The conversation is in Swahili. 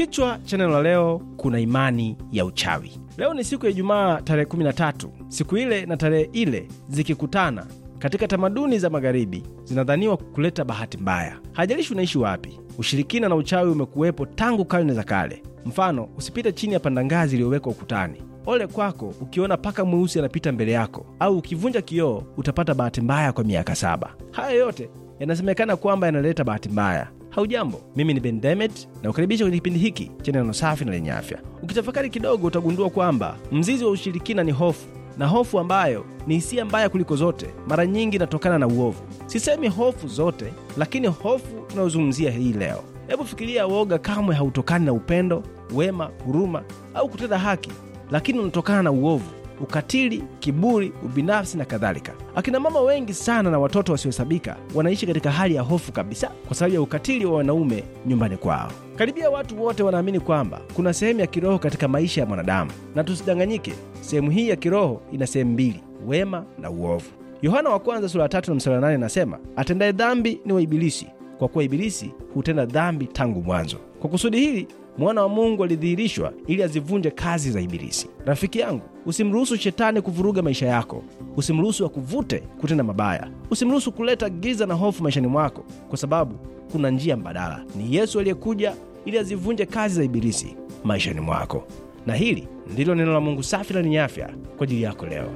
Kichwa cha neno la leo, kuna imani ya uchawi. Leo ni siku ya Ijumaa, tarehe 13. Siku ile na tarehe ile zikikutana katika tamaduni za Magharibi zinadhaniwa kuleta bahati mbaya. hajalishi unaishi wapi, ushirikina na uchawi umekuwepo tangu karne za kale. Mfano, usipita chini ya pandangazi iliyowekwa ukutani. Ole kwako ukiona paka mweusi anapita mbele yako, au ukivunja kioo utapata bahati mbaya kwa miaka saba. Haya yote yanasemekana kwamba yanaleta bahati mbaya, Haujambo, mimi ni bendemet na ukaribisha kwenye kipindi hiki cha neno safi na lenye afya. Ukitafakari kidogo, utagundua kwamba mzizi wa ushirikina ni hofu, na hofu ambayo ni hisia mbaya kuliko zote, mara nyingi inatokana na uovu. Sisemi hofu zote, lakini hofu tunayozungumzia hii leo. Hebu fikiria, woga kamwe hautokani na upendo, wema, huruma au kutenda haki, lakini unatokana na uovu ukatili, kiburi, ubinafsi na kadhalika. Akina mama wengi sana na watoto wasiohesabika wanaishi katika hali ya hofu kabisa kwa sababu ya ukatili wa wanaume nyumbani kwao. Karibia watu wote wanaamini kwamba kuna sehemu ya kiroho katika maisha ya mwanadamu, na tusidanganyike, sehemu hii ya kiroho ina sehemu mbili, wema na uovu. Yohana wa kwanza sura ya tatu na mstari wa nane nasema, atendaye dhambi ni wa Ibilisi, kwa kuwa Ibilisi hutenda dhambi tangu mwanzo. Kwa kusudi hili mwana wa Mungu alidhihirishwa ili azivunje kazi za Ibilisi. Rafiki yangu, usimruhusu shetani kuvuruga maisha yako, usimruhusu akuvute kutenda mabaya, usimruhusu kuleta giza na hofu maishani mwako, kwa sababu kuna njia mbadala. Ni Yesu aliyekuja ili azivunje kazi za Ibilisi maishani mwako, na hili ndilo neno la Mungu safi na lenye afya kwa ajili yako leo.